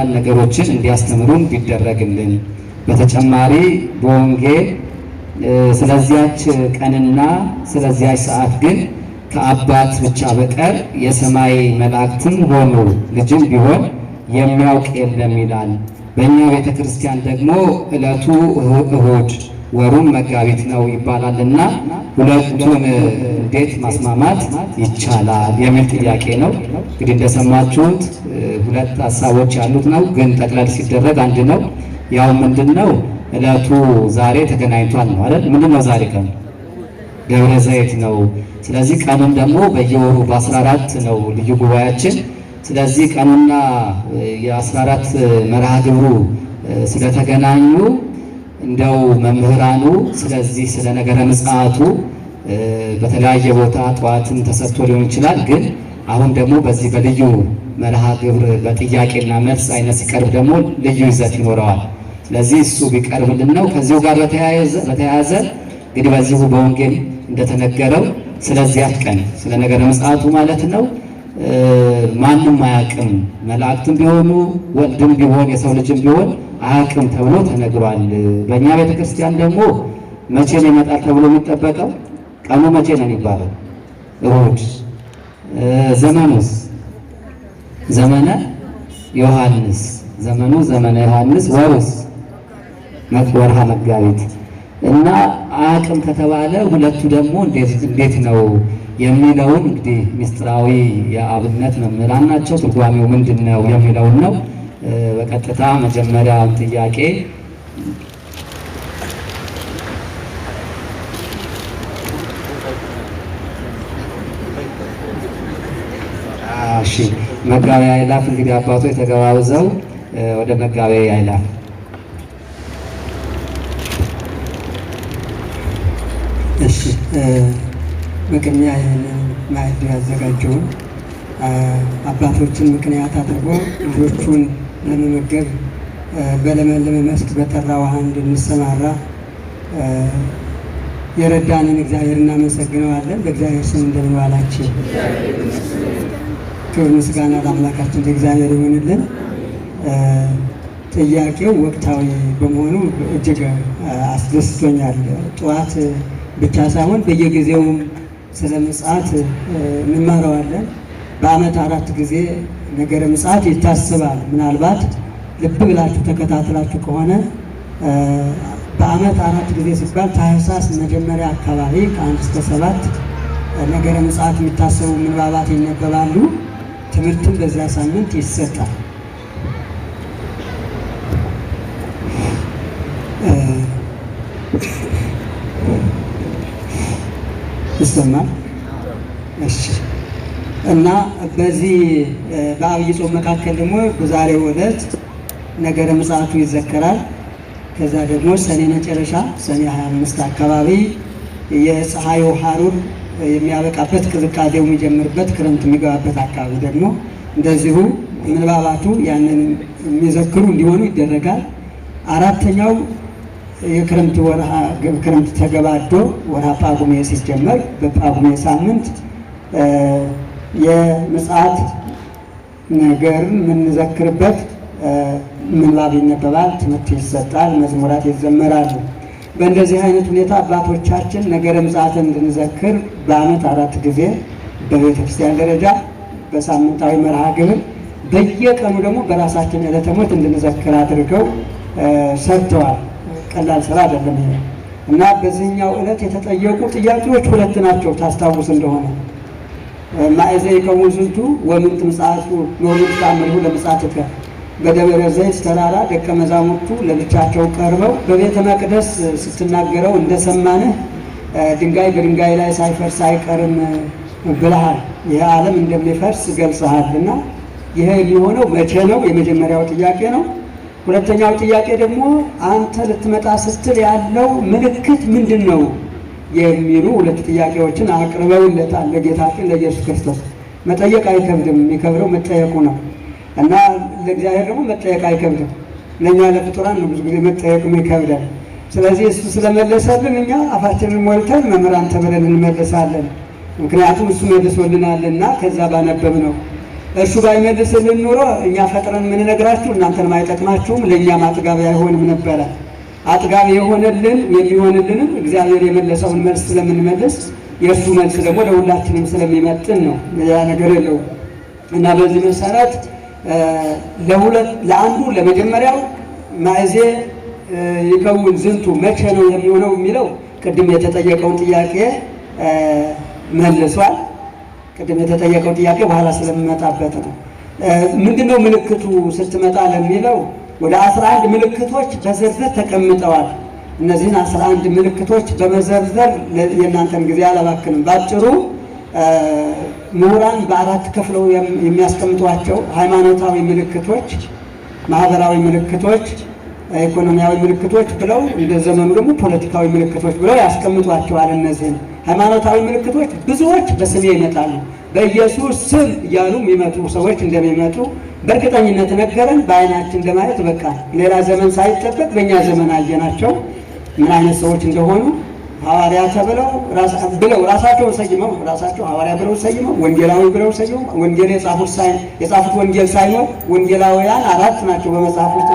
አንዳንድ ነገሮችን እንዲያስተምሩን ቢደረግልን በተጨማሪ በወንጌል ስለዚያች ቀንና ስለዚያች ሰዓት ግን ከአባት ብቻ በቀር የሰማይ መላእክትም ሆኑ ልጅም ቢሆን የሚያውቅ የለም ይላል። በእኛ ቤተ ክርስቲያን ደግሞ ዕለቱ እሁድ ወሩም መጋቢት ነው ይባላልና ሁለቱን እንዴት ማስማማት ይቻላል የሚል ጥያቄ ነው። እንግዲህ እንደሰማችሁት ሁለት ሀሳቦች ያሉት ነው፣ ግን ጠቅለል ሲደረግ አንድ ነው። ያው ምንድን ነው እለቱ ዛሬ ተገናኝቷል ነው አይደል? ምንድን ነው ዛሬ ቀን ደብረ ዘይት ነው። ስለዚህ ቀኑም ደግሞ በየወሩ በ14 ነው ልዩ ጉባኤያችን። ስለዚህ ቀኑና የ14 መርሃ ግብሩ ስለተገናኙ እንደው መምህራኑ ስለዚህ ስለ ነገረ ምጽአቱ በተለያየ ቦታ ጠዋትን ተሰጥቶ ሊሆን ይችላል። ግን አሁን ደግሞ በዚህ በልዩ መርሃ ግብር በጥያቄና መልስ አይነት ሲቀርብ ደግሞ ልዩ ይዘት ይኖረዋል። ስለዚህ እሱ ቢቀርብልን ነው። ከዚሁ ጋር በተያያዘ እንግዲህ በዚሁ በወንጌል እንደተነገረው ስለዚያች ቀን ስለ ነገረ ምጽአቱ ማለት ነው ማንም አያውቅም፣ መላእክትም ቢሆኑ ወልድም ቢሆን የሰው ልጅም ቢሆን አያውቅም ተብሎ ተነግሯል። በእኛ ቤተክርስቲያን ደግሞ መቼ ነው ይመጣል ተብሎ የሚጠበቀው ቀኑ መቼ ነው የሚባለው? እሑድ። ዘመኑስ ዘመነ ዮሐንስ ዘመኑ ዘመነ ዮሐንስ ወሩስ ወርሃ መጋቢት እና አቅም ከተባለ ሁለቱ ደግሞ እንዴት ነው የሚለውን እንግዲህ ምስጢራዊ የአብነት መምህራን ናቸው። ትርጓሜው ምንድን ነው የሚለውን ነው። በቀጥታ መጀመሪያ ጥያቄ መጋቤ ኃይላፍ እንግዲህ አባቶች ተገባብዘው ወደ መጋቤ ኃይላፍ እሺ በቅድሚያ ይህንን ማዕድ ያዘጋጀውን አባቶችን ምክንያት አድርጎ ልጆቹን ለመመገብ በለመለመ መስክ በጠራ ውሃ እንድንሰማራ የረዳንን እግዚአብሔር እናመሰግነዋለን። በእግዚአብሔር ስም እንደምን ዋላችሁ? ክብር ምስጋና ለአምላካችን ለእግዚአብሔር ይሆንልን። ጥያቄው ወቅታዊ በመሆኑ እጅግ አስደስቶኛል። ጠዋት ብቻ ሳይሆን በየጊዜውም ስለ ምጽአት እንማረዋለን። በዓመት አራት ጊዜ ነገረ ምጽአት ይታሰባል። ምናልባት ልብ ብላችሁ ተከታትላችሁ ከሆነ በዓመት አራት ጊዜ ሲባል ታህሳስ መጀመሪያ አካባቢ ከአንድ እስከ ሰባት ነገረ ምጽአት የሚታሰቡ ምንባባት ይነበባሉ። ትምህርትም በዚያ ሳምንት ይሰጣል። ይሰማል። እሺ። እና በዚህ በአብይ ጾም መካከል ደግሞ በዛሬው ዕለት ነገረ ምጽአቱ ይዘከራል። ከዛ ደግሞ ሰኔ መጨረሻ ሰኔ 25 አካባቢ የፀሐዩ ሐሩር የሚያበቃበት ቅዝቃዜው የሚጀምርበት ክረምት የሚገባበት አካባቢ ደግሞ እንደዚሁ ምንባባቱ ያንን የሚዘክሩ እንዲሆኑ ይደረጋል። አራተኛው የክረምት ወርሃ ክረምት ተገባዶ ወርሃ ጳጉሜ ሲጀመር በጳጉሜ ሳምንት የምጽአት ነገር የምንዘክርበት ምንባብ ይነበባል፣ ትምህርት ይሰጣል፣ መዝሙራት ይዘመራሉ። በእንደዚህ አይነት ሁኔታ አባቶቻችን ነገረ ምጽአትን እንድንዘክር በአመት አራት ጊዜ በቤተ ክርስቲያን ደረጃ በሳምንታዊ መርሃ ግብር በየቀኑ ደግሞ በራሳችን ዕለተ ሞት እንድንዘክር አድርገው ሰጥተዋል። ቀላል ስራ አይደለም ይሄ እና በዚህኛው ዕለት የተጠየቁ ጥያቄዎች ሁለት ናቸው። ታስታውስ እንደሆነ ማእዘ ይከውን ወምንት ወምን ትምጻቱ ኖሩ ታምሩ ለምጻትከ በደብረ ዘይት ተራራ ደቀ መዛሙርቱ ለብቻቸው ቀርበው በቤተ መቅደስ ስትናገረው እንደሰማንህ ድንጋይ በድንጋይ ላይ ሳይፈርስ አይቀርም ብለሃል። ይህ ዓለም እንደሚፈርስ ገልጸሃል እና ይህ የሚሆነው መቼ ነው? የመጀመሪያው ጥያቄ ነው። ሁለተኛው ጥያቄ ደግሞ አንተ ልትመጣ ስትል ያለው ምልክት ምንድን ነው የሚሉ ሁለት ጥያቄዎችን አቅርበውለታል። ለጌታችን ለኢየሱስ ክርስቶስ መጠየቅ አይከብድም። የሚከብደው መጠየቁ ነው። እና ለእግዚአብሔር ደግሞ መጠየቅ አይከብድም። ለእኛ ለፍጡራን ነው ብዙ ጊዜ መጠየቅም ይከብዳል። ስለዚህ እሱ ስለመለሰልን እኛ አፋችንን ሞልተን መምህራን ተብለን እንመለሳለን። ምክንያቱም እሱ መልሶልናል እና ከዛ ባነበብ ነው። እሱ ባይመልስልን ኑሮ እኛ ፈጥረን የምንነግራችሁ እናንተንም አይጠቅማችሁም፣ ለእኛም አጥጋቢ አይሆንም ነበረ። አጥጋቢ የሆነልን የሚሆንልንም እግዚአብሔር የመለሰውን መልስ ስለምንመልስ የእሱ መልስ ደግሞ ለሁላችንም ስለሚመጥን ነው። ያ ነገር የለውም እና በዚህ መሰረት ለአንዱ ለመጀመሪያው ማዕዜ ይከውን ዝንቱ መቼ ነው የሚሆነው የሚለው ቅድም የተጠየቀውን ጥያቄ መልሷል። ቅድም የተጠየቀው ጥያቄ በኋላ ስለምመጣበት ነው። ምንድነው ምልክቱ ስትመጣ ለሚለው ወደ አስራ አንድ ምልክቶች በዝርዝር ተቀምጠዋል። እነዚህን አስራ አንድ ምልክቶች በመዘርዘር የእናንተን ጊዜ አላባክንም። ባጭሩ ምሁራን በአራት ከፍለው የሚያስቀምጧቸው ሃይማኖታዊ ምልክቶች፣ ማህበራዊ ምልክቶች፣ ኢኮኖሚያዊ ምልክቶች ብለው እንደ ዘመኑ ደግሞ ፖለቲካዊ ምልክቶች ብለው ያስቀምጧቸዋል። እነዚህን ሃይማኖታዊ ምልክቶች ብዙዎች በስሜ ይመጣሉ፣ በኢየሱስ ስም እያሉ የሚመጡ ሰዎች እንደሚመጡ በእርግጠኝነት ነገረን። በአይናችን ለማየት በቃ ሌላ ዘመን ሳይጠበቅ በእኛ ዘመን አየናቸው ምን አይነት ሰዎች እንደሆኑ ሐዋርያ ተብለው ብለው ራሳቸውን ሰይመው ራሳቸው ሐዋርያ ብለው ሰይመው ወንጌላዊ ብለው ሰይመው ወንጌል የጻፉት ወንጌል ሳይሆን ወንጌላውያን አራት ናቸው በመጽሐፍ ውስጥ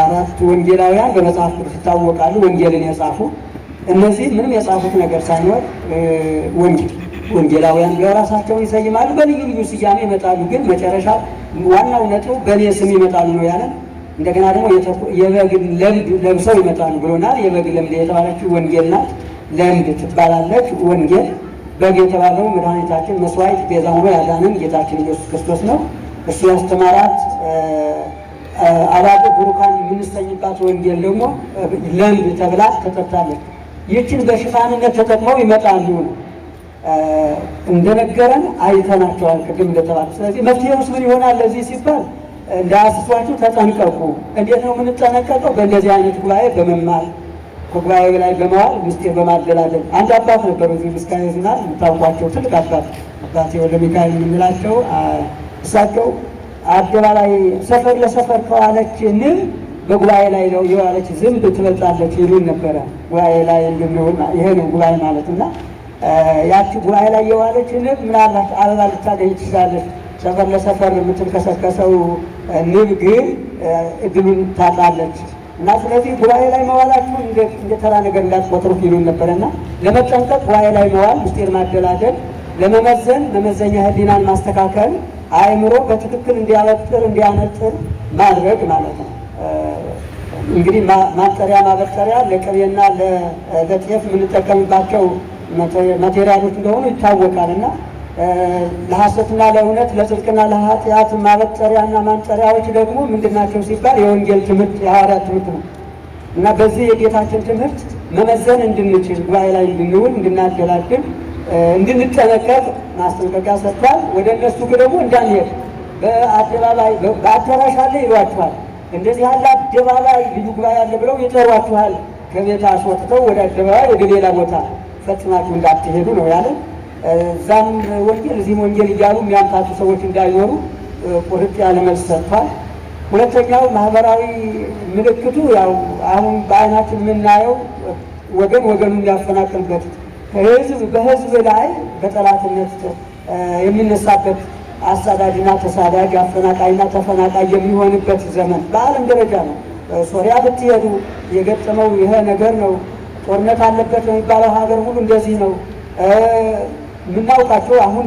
አራት ወንጌላውያን በመጽሐፍ ቅዱስ ይታወቃሉ። ወንጌልን የጻፉ እነዚህ ምንም የጻፉት ነገር ሳይኖር ወንጌል ወንጌላውያን ለራሳቸውን ይሰይማሉ፣ በልዩ ልዩ ስያሜ ይመጣሉ። ግን መጨረሻ ዋናው ነጥብ በእኔ ስም ይመጣሉ ነው ያለን። እንደገና ደግሞ የበግ ለምድ ለብሰው ይመጣሉ ብሎናል። የበግ ለምድ የተባለችው ወንጌል ናት፣ ለምድ ትባላለች ወንጌል። በግ የተባለው መድኃኒታችን መስዋዕት ቤዛ ሆኖ ያዳነን ጌታችን ኢየሱስ ክርስቶስ ነው። እሱ ያስተማራት አባቱ ቡሩካን የምንሰኝባት ወንጌል ደግሞ ለምድ ተብላ ተጠርታለች። ይህችን በሽፋንነት ተጠቅመው ይመጣሉ ነው እንደነገረን አይተናቸዋል ቅድም እንደተባለ። ስለዚህ መፍትሄ ውስጥ ምን ይሆናል ለዚህ ሲባል እንዳያስሷቸው ተጠንቀቁ። እንዴት ነው የምንጠነቀቀው? በእንደዚህ አይነት ጉባኤ በመማር ከጉባኤ ላይ በመዋል ምስጢር በማደላደል አንድ አባት ነበሩ እዚህ ምስካየ ዝናል የምታውቋቸው ትልቅ አባት አባት ወልደ ሚካኤል የምንላቸው እሳቸው አደባላይ ሰፈር ለሰፈር ከዋለች ንብ በጉባኤ ላይ ነው የዋለች ዝንብ ትበልጣለች ይሉን ነበረ። ጉባኤ ላይ እንድንሆን ይሄ ነው ጉባኤ ማለት እና ያቺ ጉባኤ ላይ የዋለች ንብ ምናልባት አበባ ልታገኝ ትችላለች። ሰፈር ለሰፈር የምትንከሰከሰው ንብ ግን እድሉን ታጣለች። እና ስለዚህ ጉባኤ ላይ መዋላችሁ እንደ ተራ ነገር እንዳትቆጥሩት ይሉን ነበረ። እና ለመጠንቀቅ ጉባኤ ላይ መዋል ምስጢር ማደላደል፣ ለመመዘን መመዘኛ ህሊናን ማስተካከል፣ አእምሮ በትክክል እንዲያበጥር እንዲያነጥር ማድረግ ማለት ነው። እንግዲህ ማጠሪያ ማበጠሪያ ለቅቤና ለጤፍ የምንጠቀምባቸው ማቴሪያሎች እንደሆኑ ይታወቃልና ለሐሰትና ለእውነት ለጽድቅና ለኃጢአት ማበጠሪያና ማንጠሪያዎች ደግሞ ምንድን ናቸው ሲባል የወንጌል ትምህርት የሐዋርያት ትምህርት ነው እና በዚህ የጌታችን ትምህርት መመዘን እንድንችል ጉባኤ ላይ እንድንውል እንድናገላግል እንድንጠነቀቅ ማስጠንቀቂያ ሰጥቷል። ወደ እነሱ ደግሞ እንዳንሄድ በአደባባይ በአዳራሽ አለ ይሏችኋል፣ እንደዚህ ያለ አደባባይ ልዩ ጉባኤ አለ ብለው ይጠሯችኋል። ከቤት አስወጥተው ወደ አደባባይ ወደ ሌላ ቦታ ፈጽማችሁ እንዳትሄዱ ነው ያለ። እዛም ወንጌል እዚህም ወንጌል እያሉ የሚያምታቱ ሰዎች እንዳይኖሩ ቁርጥ ያለ መልስ ሰጥቷል። ሁለተኛው ማህበራዊ ምልክቱ ያው አሁን በአይናችን የምናየው ወገን ወገኑ እንዲያፈናቅልበት ህዝብ በህዝብ ላይ በጠላትነት የሚነሳበት አሳዳጅና ተሳዳጅ አፈናቃይና ተፈናቃይ የሚሆንበት ዘመን በዓለም ደረጃ ነው። ሶሪያ ብትሄዱ የገጠመው ይሄ ነገር ነው። ጦርነት አለበት የሚባለው ሀገር ሁሉ እንደዚህ ነው የምናውቃቸው። አሁን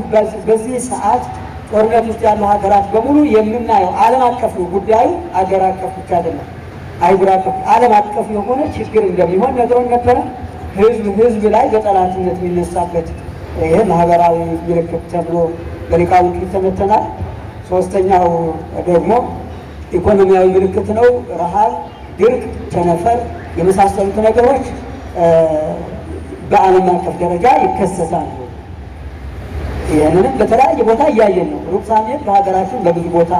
በዚህ ሰዓት ጦርነት ውስጥ ያሉ ሀገራት በሙሉ የምናየው ዓለም አቀፍ ነው ጉዳዩ። አገር አቀፍ ብቻ አይደለም፣ አይጉር አቀፍ፣ ዓለም አቀፍ የሆነ ችግር እንደሚሆን ነግረውን ነበረ። ህዝብ ህዝብ ላይ በጠላትነት የሚነሳበት ይህ ማህበራዊ ምልክት ተብሎ በሊቃውንት ይተነተናል። ሶስተኛው ደግሞ ኢኮኖሚያዊ ምልክት ነው። ረሃብ፣ ድርቅ፣ ቸነፈር የመሳሰሉት ነገሮች በዓለም አቀፍ ደረጃ ይከሰታል። ይህንንም በተለያየ ቦታ እያየን ነው። ሩቅ በሀገራችን በብዙ ቦታ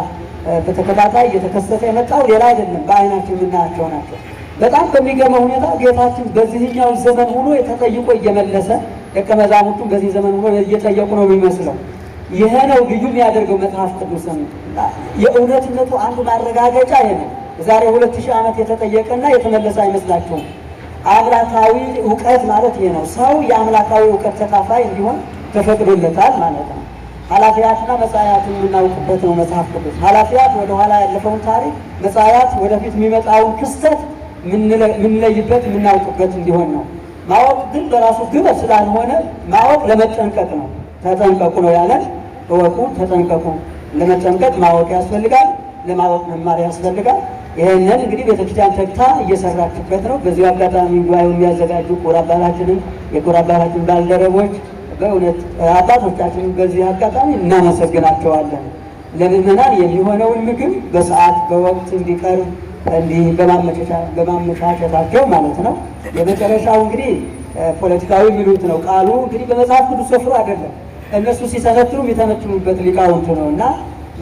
በተከታታይ እየተከሰተ የመጣው ሌላ አይደለም፣ በአይናችን የምናያቸው ናቸው። በጣም በሚገርመው ሁኔታ ጌታችን በዚህኛው ዘመን ሁሉ ተጠይቆ እየመለሰ ደቀ መዛሙርቱን በዚህ ዘመን ሁሉ እየጠየቁ ነው የሚመስለው። ይህነው ነው ልዩ የሚያደርገው መጽሐፍ ቅዱስን የእውነትነቱ አንዱ ማረጋገጫ ይሄ ነው። ዛሬ ሁለት ሺህ ዓመት የተጠየቀና የተመለሰ አይመስላችሁም? አምላካዊ እውቀት ማለት ይህ ነው። ሰው የአምላካዊ እውቀት ተካፋይ እንዲሆን ተፈቅዶለታል ማለት ነው። ኃላፊያትና መጻያት የምናውቅበት ነው መጽሐፍ ቅዱስ። ኃላፊያት ወደኋላ ያለፈውን ታሪክ፣ መጻያት ወደፊት የሚመጣውን ክስተት የምንለይበት የምናውቅበት እንዲሆን ነው። ማወቅ ግን በራሱ ግብ ስላልሆነ ማወቅ ለመጠንቀቅ ነው። ተጠንቀቁ ነው ያለን። እወቁ፣ ተጠንቀቁ። ለመጠንቀቅ ማወቅ ያስፈልጋል። ለማወቅ መማር ያስፈልጋል። ይህንን እንግዲህ ቤተክርስቲያን ተግታ እየሰራችበት ነው። በዚሁ አጋጣሚ ጉባኤው የሚያዘጋጁ ኮር አባላችንም የኮር አባላችን ባልደረቦች በእውነት አባቶቻችን በዚህ አጋጣሚ እናመሰግናቸዋለን። ለምዕመናን የሚሆነውን ምግብ በሰዓት በወቅት እንዲቀርብ እንዲህ በማመቻቸታቸው ማለት ነው። የመጨረሻው እንግዲህ ፖለቲካዊ ሚሉት ነው። ቃሉ እንግዲህ በመጽሐፍ ቅዱስ ሰፍሮ አይደለም እነሱ ሲተነትኑ የተመችሙበት ሊቃውንቱ ነው እና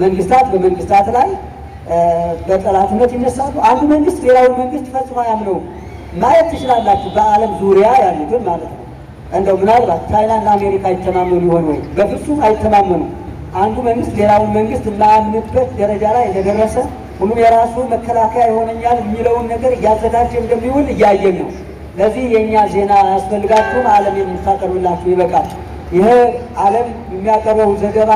መንግስታት በመንግስታት ላይ በጠላትነት ይነሳሉ። አንዱ መንግስት ሌላው መንግስት ፈጽሞ ያምነው ማየት ትችላላችሁ። በዓለም ዙሪያ ያሉትን ማለት ነው። እንደው ምናልባት ቻይናና አሜሪካ አይተማመኑ ይሆን ወይ? በፍጹም አይተማመኑ። አንዱ መንግስት ሌላውን መንግስት የማያምንበት ደረጃ ላይ እንደደረሰ ሁሉም የራሱ መከላከያ ይሆነኛል የሚለውን ነገር እያዘጋጀ እንደሚውል እያየን ነው። ለዚህ የእኛ ዜና ያስፈልጋችሁም። ዓለም የምታቀርብላችሁ ይበቃል። ይሄ ዓለም የሚያቀርበው ዘገባ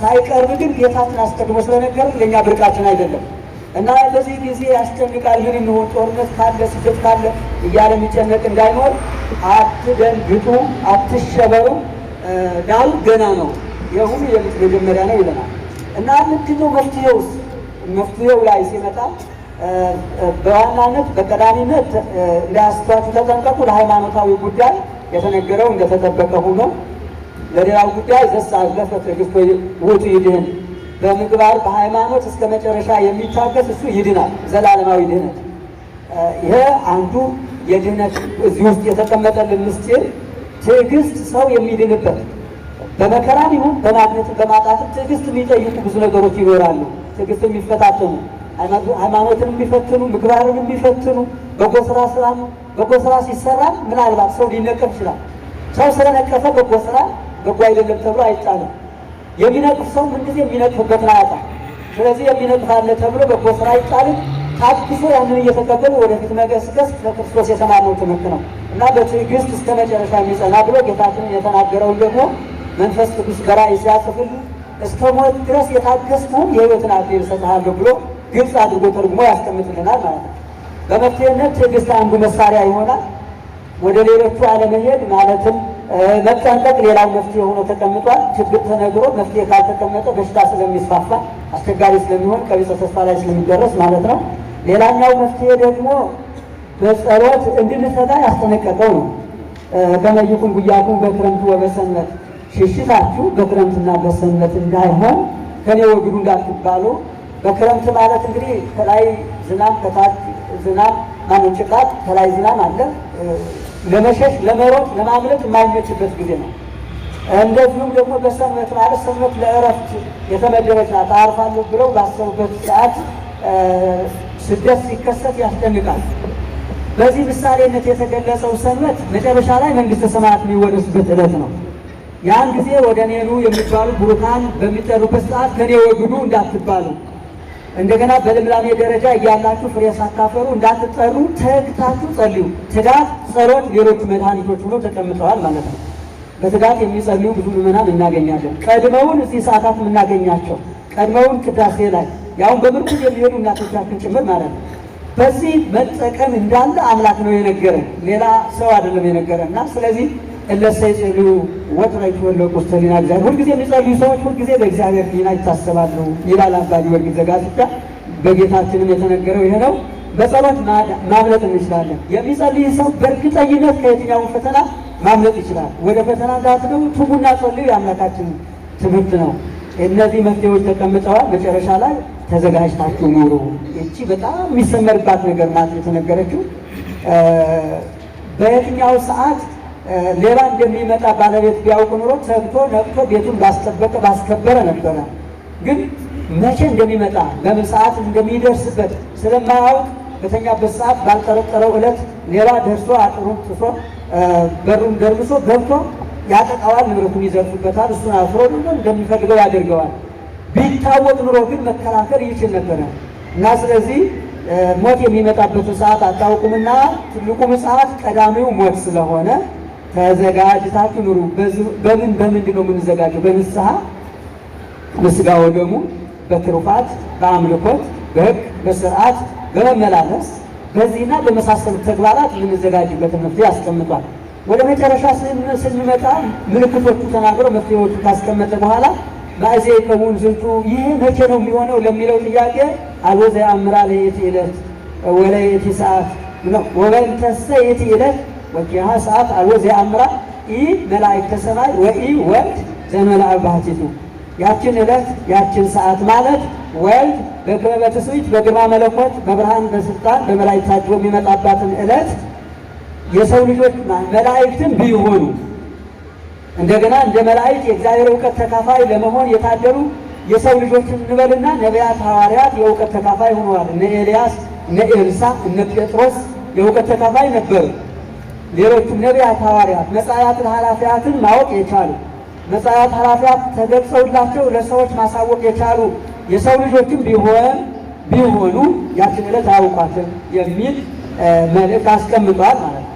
ሳይቀርብ ግን ጌታችን አስቀድሞ ስለነገረን ለእኛ ብርቃችን አይደለም እና በዚህ ጊዜ ያስጨንቃል። ምን እንሆን ጦርነት ካለ ስደት ካለ እያለ የሚጨነቅ እንዳይኖር አትደንግጡ፣ አትሸበሩ፣ ዳሩ ገና ነው፣ የሁሉ የምት ነው ይለናል እና ምንድነው መፍትሄውስ? መፍትሄው ላይ ሲመጣ በዋናነት በቀዳሚነት እንዳያስቷችሁ ተጠንቀቁ። ለሃይማኖታዊ ጉዳይ የተነገረው እንደተጠበቀ ሆኖ ለሌላው ጉዳይ ዘሳለፈ ትዕግስቶ ውእቱ ይድህን፣ በምግባር በሃይማኖት እስከ መጨረሻ የሚታገስ እሱ ይድናል። ዘላለማዊ ድህነት። ይሄ አንዱ የድህነት እዚህ ውስጥ የተቀመጠልን ምስጢር ትዕግስት ሰው የሚድንበት በመከራም ይሁን በማግኘት በማጣትም ትዕግስት የሚጠይቁ ብዙ ነገሮች ይኖራሉ። ትዕግስት የሚፈታተኑ ሃይማኖትን የሚፈትኑ ምግባርን የሚፈትኑ በጎ ስራ ስራ በጎ ስራ ሲሰራ ምናልባት ሰው ሊነቀፍ ይችላል። ሰው ስለነቀፈ በጎ ስራ በጎ አይደለም ተብሎ አይጫንም። የሚነቅፍ ሰው ምንጊዜ የሚነቅፍበትን አያጣም። ስለዚህ የሚነቅፍ አለ ተብሎ በጎ ስራ አይጫንም። ታግሶ ያንን እየተቀበሉ ወደፊት መገስገስ ለክርስቶስ የተማመው ትምህርት ነው እና በትዕግስት እስከ መጨረሻ የሚጸና ብሎ ጌታችን የተናገረውን ደግሞ መንፈስ ቅዱስ በራእይ ሲያጽፍል እስከ ሞት ድረስ የታገስኩህን የህይወትን አክሊል እሰጥሃለሁ ብሎ ግልጽ አድርጎ ተርጉሞ ያስቀምጥልናል ማለት ነው። በመፍትሄነት ትዕግስት አንዱ መሳሪያ ይሆናል። ወደ ሌሎቹ አለመሄድ ማለትም መጠንቀቅ ሌላው መፍትሄ ሆኖ ተቀምጧል። ችግር ተነግሮ መፍትሄ ካልተቀመጠ በሽታ ስለሚስፋፋ አስቸጋሪ ስለሚሆን ቀቢጸ ተስፋ ላይ ስለሚደረስ ማለት ነው። ሌላኛው መፍትሄ ደግሞ በጸሎት እንድንፈታ ያስጠነቀቀው ነው። ከመይኩን ጉያኩን በክረምቱ ወበሰንበት ሽሽታችሁ በክረምትና በሰንበት እንዳይሆን ከኔ ወግዱ እንዳትባሉ። በክረምት ማለት እንግዲህ ከላይ ዝናብ ከታች ዝናብ ማነው ጭቃት ከላይ ዝናብ አለ ለመሸሽ፣ ለመሮጥ፣ ለማምለጥ የማይመችበት ጊዜ ነው። እንደዚሁም ደግሞ በሰንበት ማለት ሰንበት ለእረፍት የተመደበች ናት። አርፋለሁ ብለው ባሰቡበት ሰዓት ስደት ሲከሰት ያስደንቃል። በዚህ ምሳሌነት የተገለጸው ሰንበት መጨረሻ ላይ መንግስተ ሰማያት የሚወደሱበት ዕለት ነው። ያን ጊዜ ወደ እኔ ኑ የሚባሉ ቡሩካን በሚጠሩበት ሰዓት ከእኔ ወግዱ እንዳትባሉ እንደገና በልምላሜ ደረጃ እያላችሁ ፍሬ ሳታፈሩ እንዳትጠሩ ተግታችሁ ጸልዩ። ትጋት፣ ጸሎት ሌሎቹ መድኃኒቶች ብሎ ተቀምጠዋል ማለት ነው። በትጋት የሚጸልዩ ብዙ ምዕመናን እናገኛለን። ቀድመውን እዚህ ሰዓታት የምናገኛቸው ቀድመውን ቅዳሴ ላይ ያሁን በምርኩዝ የሚሄዱ እናቶቻችን ጭምር ማለት ነው። በዚህ መጠቀም እንዳለ አምላክ ነው የነገረን፣ ሌላ ሰው አይደለም የነገረን እና ስለዚህ እለሰ ይጸልዩ ወትረ ይትወለቁ ውስተ እግዚአብሔር። ሁልጊዜ የሚጸልዩ ሰዎች ሁልጊዜ በእግዚአብሔር ይታሰባሉ ይላል አባ ጊዮርጊስ ዘጋስጫ። በጌታችንም የተነገረው ይሄ ነው። በጸሎት ማምለጥ እንችላለን። የሚጸልይ ሰው በእርግጠኝነት ከየትኛው ፈተና ማምለጥ ይችላል። ወደ ፈተና እንዳትገቡ ትጉና ጸልዩ የአምላካችን ትምህርት ነው። እነዚህ መፍትሄዎች ተቀምጠዋል። መጨረሻ ላይ ተዘጋጅታችሁ ኑሩ። እቺ በጣም የሚሰመርባት ነገር ናት የተነገረችው በየትኛው ሰዓት ሌላ እንደሚመጣ ባለቤት ቢያውቅ ኑሮ ሰግቶ ነቅቶ ቤቱን ባስጠበቀ ባስከበረ ነበረ። ግን መቼ እንደሚመጣ በምን ሰዓት እንደሚደርስበት ስለማያውቅ በተኛበት ሰዓት ባልጠረጠረው ዕለት ሌላ ደርሶ አጥሩን ጥሶ በሩን ደርምሶ ገብቶ ያጠቃዋል፣ ንብረቱን ይዘርፉበታል። እሱን አፍሮ ደግሞ እንደሚፈልገው ያደርገዋል። ቢታወቅ ኑሮ ግን መከላከል ይችል ነበረ እና ስለዚህ ሞት የሚመጣበትን ሰዓት አታውቁምና ትልቁ ምጽአት ቀዳሚው ሞት ስለሆነ ተዘጋጅታችሁ ኑሩ። በምን በምንድን ነው የምንዘጋጀው? በንስሐ በስጋ ወደሙ፣ በትሩፋት፣ በአምልኮት፣ በህግ፣ በስርዓት፣ በመመላለስ በዚህና በመሳሰሉት ተግባራት ልንዘጋጅበት መፍትሄ አስቀምጧል። ወደ መጨረሻ ስንመጣ ምልክቶቹ ተናግሮ መፍትሄዎቹ ካስቀመጠ በኋላ ባዜ ከሙን ዝንቱ ይህ መቼ ነው የሚሆነው ለሚለው ጥያቄ አልወዘ አምራ ለየት ዕለት ወለየት ሰዓት ወበንተሰ የት ዕለት ወኪሃ ሰዓት አልቦ ዘአምራ ኢ መላእክተ ሰማይ ወኢ ወልድ ዘመልአ ባህቲቱ። ያችን ዕለት ያችን ሰዓት ማለት ወልድ በክብረ በትስብእት በግርማ መለኮት በብርሃን በስልጣን በመላእክት ታጅቦ የሚመጣባትን ዕለት የሰው ልጆች መላእክትን ቢሆኑ እንደገና እንደ መላእክት የእግዚአብሔር እውቀት ተካፋይ ለመሆን የታደሉ የሰው ልጆች እንበልና ነቢያት፣ ሐዋርያት የእውቀት ተካፋይ ሆነዋል። እነ ኤልያስ፣ እነ ኤልሳ፣ እነ ጴጥሮስ የእውቀት ተካፋይ ነበሩ። ሌሎቹም ነቢያት፣ ሐዋርያት፣ መጻያትን ኃላፊያትን ማወቅ የቻሉ መጻያት ኃላፊያት ተገልጸውላቸው ለሰዎች ማሳወቅ የቻሉ የሰው ልጆችም ቢሆን ቢሆኑ ያችን ዕለት አያውቋትም የሚል መልእክት አስቀምጧል ማለት ነው።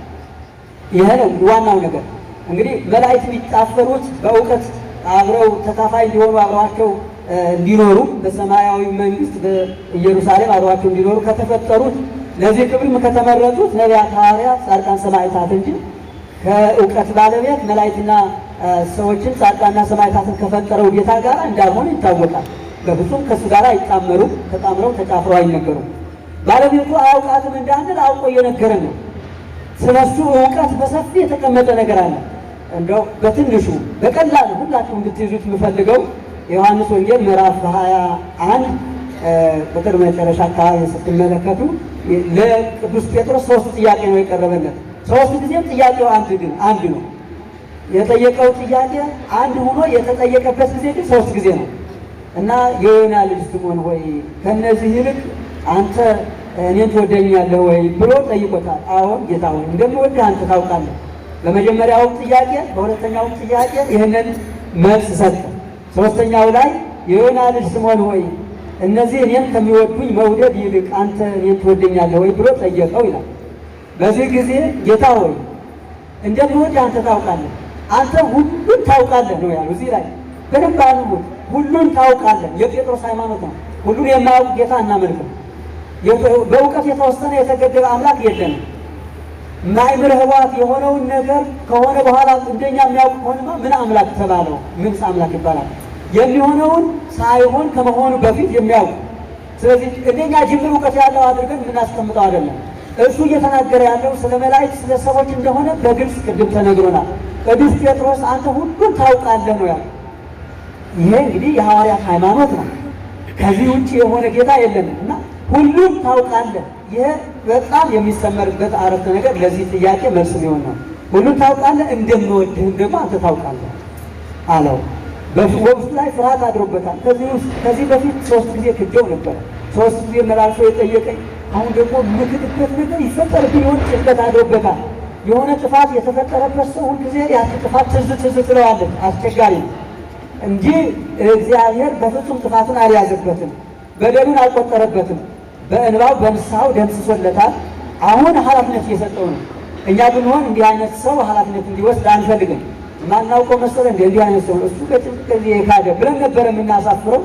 ይህ ዋናው ነገር እንግዲህ መላእክት የሚጣፈሩት በእውቀት አብረው ተካፋይ እንዲሆኑ አብረዋቸው እንዲኖሩ በሰማያዊ መንግስት በኢየሩሳሌም አብረዋቸው እንዲኖሩ ከተፈጠሩት ለዚህ ክብርም ከተመረጡት ነቢያት፣ ሐዋርያት፣ ጻድቃን፣ ሰማዕታት እንጂ ከእውቀት ባለቤት መላእክትና ሰዎችን ጻድቃንና ሰማዕታትን ከፈጠረው ጌታ ጋር እንዳልሆነ ይታወቃል። በብዙም ከእሱ ጋር አይጣመሩም። ተጣምረው ተጫፍረው አይነገሩም። ባለቤቱ አያውቃትም እንዳንል አውቆ እየነገረ ነው። ስለ እሱ እውቀት በሰፊ የተቀመጠ ነገር አለ። እንደው በትንሹ በቀላሉ ሁላችሁም እንድትይዙት የምፈልገው የዮሐንስ ወንጌል ምዕራፍ አንድ ቁጥር መጨረሻ አካባቢ ስትመለከቱ ለቅዱስ ጴጥሮስ ሶስት ጥያቄ ነው የቀረበለት። ሶስት ጊዜም ጥያቄው አንድ ግን አንድ ነው። የጠየቀው ጥያቄ አንድ ሆኖ የተጠየቀበት ጊዜ ግን ሶስት ጊዜ ነው እና የዮና ልጅ ስምዖን ሆይ ከነዚህ ይልቅ አንተ እኔን ትወደኛለህ ወይ ብሎ ጠይቆታል። አሁን ጌታ ሆይ እንደምወድህ አንተ ታውቃለህ። በመጀመሪያውም ጥያቄ፣ በሁለተኛውም ጥያቄ ይህንን መልስ ሰጠ። ሶስተኛው ላይ የዮና ልጅ ስምዖን ሆይ እነዚህ እኔም ከሚወዱኝ መውደድ ይልቅ አንተ እኔን ትወደኛለህ ወይ ብሎ ጠየቀው ይላል። በዚህ ጊዜ ጌታ ሆይ እንደሚወድ አንተ ታውቃለህ፣ አንተ ሁሉን ታውቃለህ ነው ያሉ። እዚህ ላይ በደንብ አልሙት። ሁሉን ታውቃለህ የጴጥሮስ ሃይማኖት ነው። ሁሉን የማያውቅ ጌታ እናመልክም። በእውቀት የተወሰነ የተገደበ አምላክ የለንም። ማይምር ህዋት የሆነውን ነገር ከሆነ በኋላ እንደኛ የሚያውቅ ከሆነማ ምን አምላክ ተባለው? ምንስ አምላክ ይባላል? የሚሆነውን ሳይሆን ከመሆኑ በፊት የሚያውቅ ስለዚህ እንደኛ ጅምር እውቀት ያለው አድርገን የምናስቀምጠው አይደለም። እሱ እየተናገረ ያለው ስለ መላእክት ስለ ሰዎች እንደሆነ በግልጽ ቅድም ተነግሮናል። ቅዱስ ጴጥሮስ አንተ ሁሉን ታውቃለህ ነው ያለው። ይሄ እንግዲህ የሐዋርያት ሃይማኖት ነው። ከዚህ ውጭ የሆነ ጌታ የለንም እና ሁሉም ታውቃለህ። ይሄ በጣም የሚሰመርበት አረፍተ ነገር ለዚህ ጥያቄ መልስ ሊሆን ነው። ሁሉም ታውቃለህ እንደምወድህም ደግሞ አንተ ታውቃለህ አለው። በውስጡ ላይ ፍርሃት አድሮበታል። ከዚህ በፊት ሶስት ጊዜ ክደው ነበረ። ሶስት ጊዜ መላልሶ የጠየቀኝ አሁን ደግሞ ምክድበት ነገር ይፈጠርብኝ ይሆን ጭንቀት አድሮበታል። የሆነ ጥፋት የተፈጠረበት ሰው ሁልጊዜ ያን ጥፋት ትዝ ትዝ ትለዋለን። አስቸጋሪ እንጂ እግዚአብሔር በፍጹም ጥፋቱን አልያዘበትም፣ በደሉን አልቆጠረበትም። በእንባው በንስሐው ደምስሶለታል። አሁን ኃላፊነት እየሰጠው ነው። እኛ ብንሆን እንዲህ አይነት ሰው ኃላፊነት እንዲወስድ አንፈልግም። ማናውቀው መሰለ እንደዚህ አይነት ሰው እሱ በጭብጥ ከዚህ የካደ ብለን ነበረ የምናሳፍረው።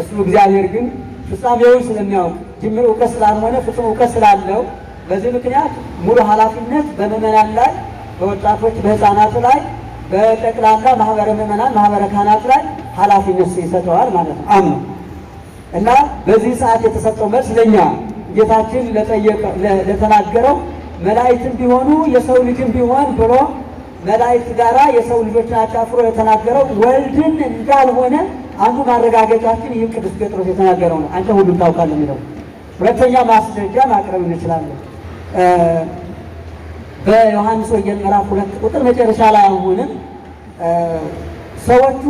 እሱ እግዚአብሔር ግን ፍጻሜውን ስለሚያውቅ ጅምር እውቀት ስላልሆነ ፍጹም እውቀት ስላለው በዚህ ምክንያት ሙሉ ኃላፊነት በምዕመናን ላይ በወጣቶች በህፃናት ላይ በጠቅላላ ማህበረ ምዕመናን ማህበረ ካህናት ላይ ኃላፊነት ይሰጠዋል ማለት ነው አምኖ እና በዚህ ሰዓት የተሰጠው መልስ ለኛ ጌታችን ለተናገረው መላእክትም ቢሆኑ የሰው ልጅም ቢሆን ብሎ መላእክት ጋራ የሰው ልጆችን አካፍሮ የተናገረው ወልድን እንዳልሆነ አንዱ ማረጋገጫችን ይህም ቅዱስ ጴጥሮስ የተናገረው ነው። አንተ ሁሉም ታውቃለህ የሚለው ሁለተኛ ማስረጃ ማቅረብ እንችላለን። በዮሐንስ ወንጌል ምዕራፍ ሁለት ቁጥር መጨረሻ ላይ አሁንም ሰዎቹ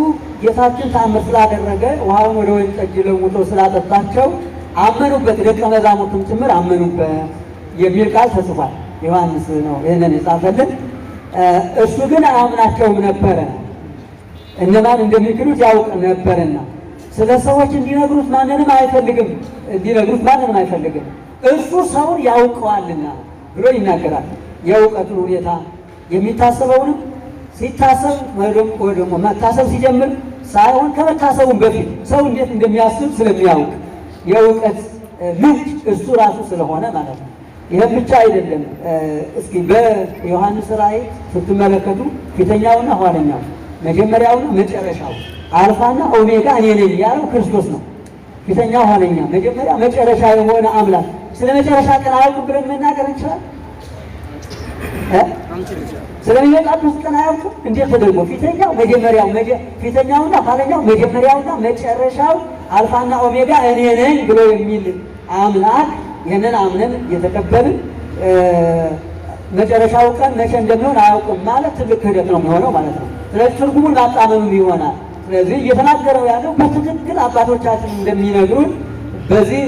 ጌታችን ተአምር ስላደረገ ውሃውን ወደ ወይን ጠጅ ለውጦ ስላጠጣቸው አመኑበት፣ ደቀ መዛሙርቱም ጭምር አመኑበት የሚል ቃል ተጽፏል። ዮሐንስ ነው ይህንን የጻፈልን። እሱ ግን አያምናቸውም ነበረ። እነማን እንደሚክሉት ያውቅ ነበርና ስለ ሰዎች እንዲነግሩት ማንንም አይፈልግም፣ እንዲነግሩት ማንንም አይፈልግም። እሱ ሰውን ያውቀዋልና ብሎ ይናገራል። የእውቀቱን ሁኔታ የሚታሰበውንም ሲታሰብ ወይ ደግሞ መታሰብ ሲጀምር ሳይሆን ከመታሰቡም በፊት ሰው እንዴት እንደሚያስብ ስለሚያውቅ የእውቀት ምንጭ እሱ ራሱ ስለሆነ ማለት ነው። ይህም ብቻ አይደለም። እስኪ በዮሐንስ ራእይ ስትመለከቱ ፊተኛውና ኋለኛው፣ መጀመሪያውና መጨረሻው፣ አልፋና ኦሜጋ እኔ ነኝ ያለው ክርስቶስ ነው። ፊተኛው፣ ኋለኛ፣ መጀመሪያ፣ መጨረሻ የሆነ አምላክ ስለ መጨረሻ ቀን አያውቅም ብለን መናገር እንችላል? ስለሚመጣበት ቀን አያውቅም? እንዴት ተደርጎ ፊተኛው መጀመሪያው ፊተኛውና ኋለኛው፣ መጀመሪያውና መጨረሻው፣ አልፋና ኦሜጋ እኔ ነኝ ብሎ የሚል አምላክ ይህንን አምነን እየተቀበልን መጨረሻው ቀን መቼ እንደሚሆን አያውቅም ማለት ትልቅ ክህደት ነው የሚሆነው ማለት ነው። ስለዚህ ትርጉሙን ማጣመምም ይሆናል። ስለዚህ እየተናገረው ያለው በትክክል አባቶቻችን እንደሚነግሩን በዚህ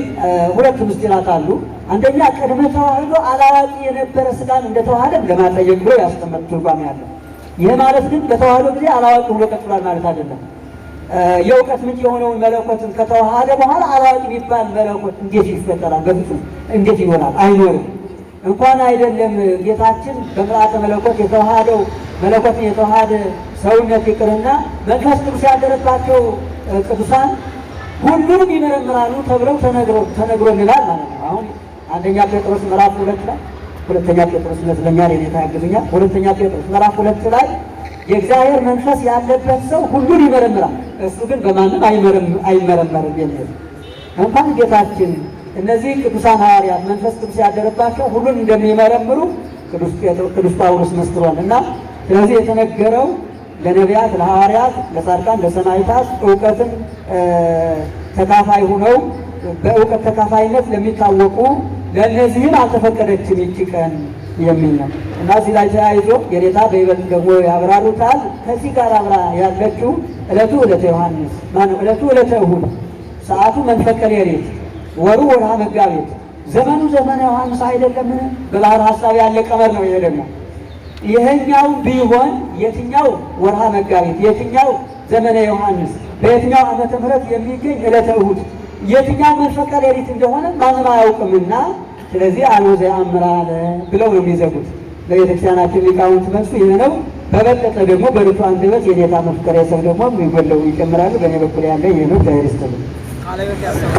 ሁለት ምስጢራት አሉ። አንደኛ ቅድመ ተዋህዶ አላዋቂ የነበረ ስጋን እንደተዋህደ ለማጠየቅ ብሎ ያስቀመጥ ትርጓሜ ያለው። ይህ ማለት ግን በተዋህዶ ጊዜ አላዋቂ ሁሎ ቀጥሏል ማለት አይደለም። የእውቀት ምንጭ የሆነውን መለኮትን ከተዋሃደ በኋላ አላዋቂ ቢባል መለኮት እንዴት ይፈጠራል? በፍጹም እንዴት ይኖራል? አይኖርም። እንኳን አይደለም ጌታችን በምርአተ መለኮት የተዋሃደው መለኮትን የተዋሃደ ሰውነት ይቅርና መንፈስ ቅዱስ ያደረባቸው ቅዱሳን ሁሉንም ይመረምራሉ ተብለው ተነግሮ ተነግሮ ተነግሮልናል ማለት ነው። አሁን አንደኛ ጴጥሮስ ምዕራፍ ሁለት ላይ ሁለተኛ ጴጥሮስ ይመስለኛል፣ የኔታ ያግዙኛል። ሁለተኛ ጴጥሮስ ምዕራፍ ሁለት ላይ የእግዚአብሔር መንፈስ ያለበት ሰው ሁሉን ይመረምራል፣ እሱ ግን በማንም አይመረመርም የሚል እንኳን ጌታችን እነዚህ ቅዱሳን ሐዋርያት መንፈስ ቅዱስ ያደረባቸው ሁሉን እንደሚመረምሩ ቅዱስ ጳውሎስ መስክሯል። እና ስለዚህ የተነገረው ለነቢያት፣ ለሐዋርያት፣ ለጻድቃን፣ ለሰማዕታት እውቀትን ተካፋይ ሁነው በእውቀት ተካፋይነት ለሚታወቁ ለእነዚህም አልተፈቀደችም ይቺ ቀን የሚል ነው እና እዚህ ላይ ተያይዞ የኔታ በይበልጥ ደግሞ ያብራሩታል። ከዚህ ጋር አብራ ያለችው እለቱ እለተ ዮሐንስ ማነው? እለቱ እለተ እሁድ፣ ሰዓቱ መንፈቀል የሬት፣ ወሩ ወርሃ መጋቤት ዘመኑ ዘመነ ዮሐንስ አይደለምን? በባህር ሀሳብ ያለ ቀመር ነው። ይሄ ደግሞ ይህኛው ቢሆን የትኛው ወርሃ መጋቤት የትኛው ዘመነ ዮሐንስ፣ በየትኛው ዓመተ ምሕረት የሚገኝ እለተ እሁድ? የትኛው መንፈቀ ሌሊት እንደሆነ ማንም አያውቅምና ስለዚህ አኖዘ አምራለ ብለው ነው የሚዘጉት። ለቤተክርስቲያናችን ሊቃውንት መልሱ ይህ ነው። በበለጠ ደግሞ በልቱ አንድ የኔታ መፍቀሪያ ሰብ ደግሞ የሚጎለው ይጨምራሉ። በእኔ በኩል ያለ ይህ ነው። ነው።